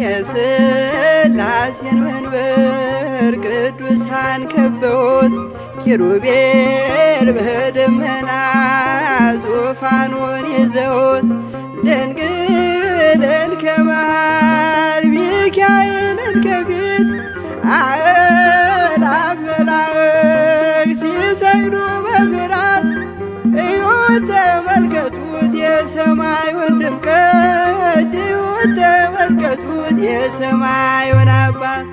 የስላሴን መንበር ቅዱሳን ከበውት ኪሩቤል በደመና ዙፋኑን ይዘውት ድንግ የሰማዩን አባት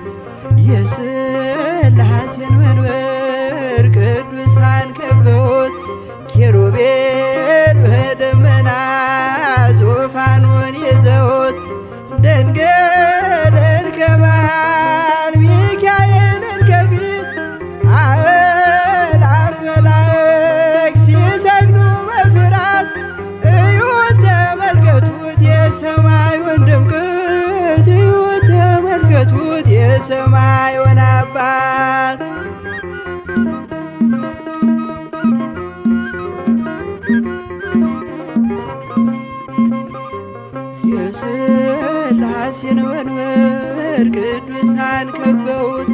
የሥላሴን መንበር ቅዱሳን ከበውት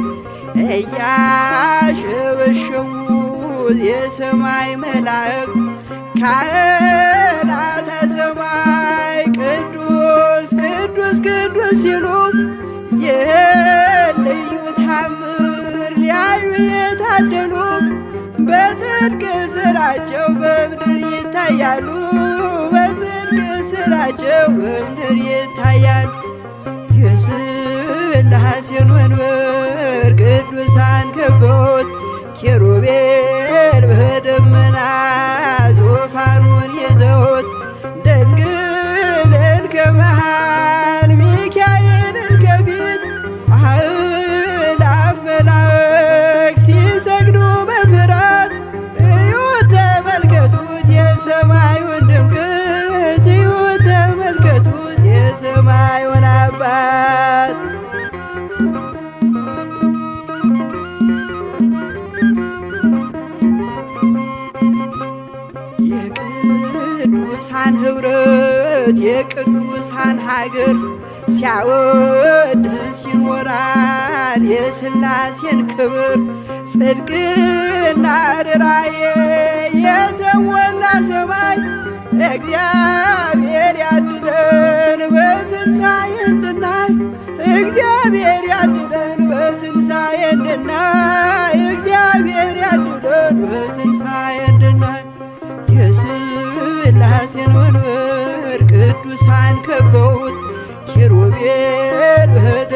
እያሸበሸቡት የሰማይ መላእክት ካህናተ ሰማይ ቅዱስ ቅዱስ ቅዱስ ሲሉ የልዩ ልዩ ታምር ሊያዩ የታደሉ በጽድቅ ስራቸው በምድር ይታያሉ። በምድር ይታያል። ኅብረት የቅዱሳን ሀገር ሲያወድህ ሲኖራል የስላሴን ክብር ጽድቅና ርራዬ የተሞላ ሰማይ እግዚአብሔር ያድለን በትንሣኤ እንድናይ እግዚአብሔር ያድለን በትንሣኤ እንድናይ የገባሁት ኪሩቤል በደ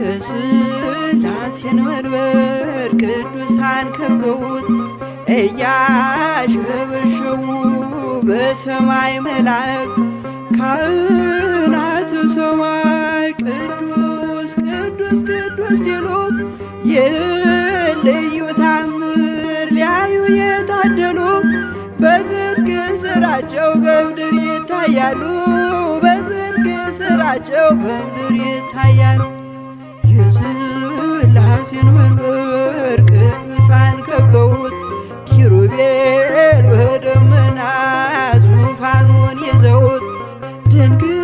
የስላሴን መንበር ቅዱሳን ከበውት እያሸበሸቡ በሰማይ መላእክ ካህናተ ሰማይ ቅዱስ ቅዱስ ቅዱስ ሲሉ የልዩ ታምር ሊያዩ የታደሉ በዝርግ ስራቸው በምድር ይታያሉ በዝርግ ስራቸው በምድር ይታያሉ። and good.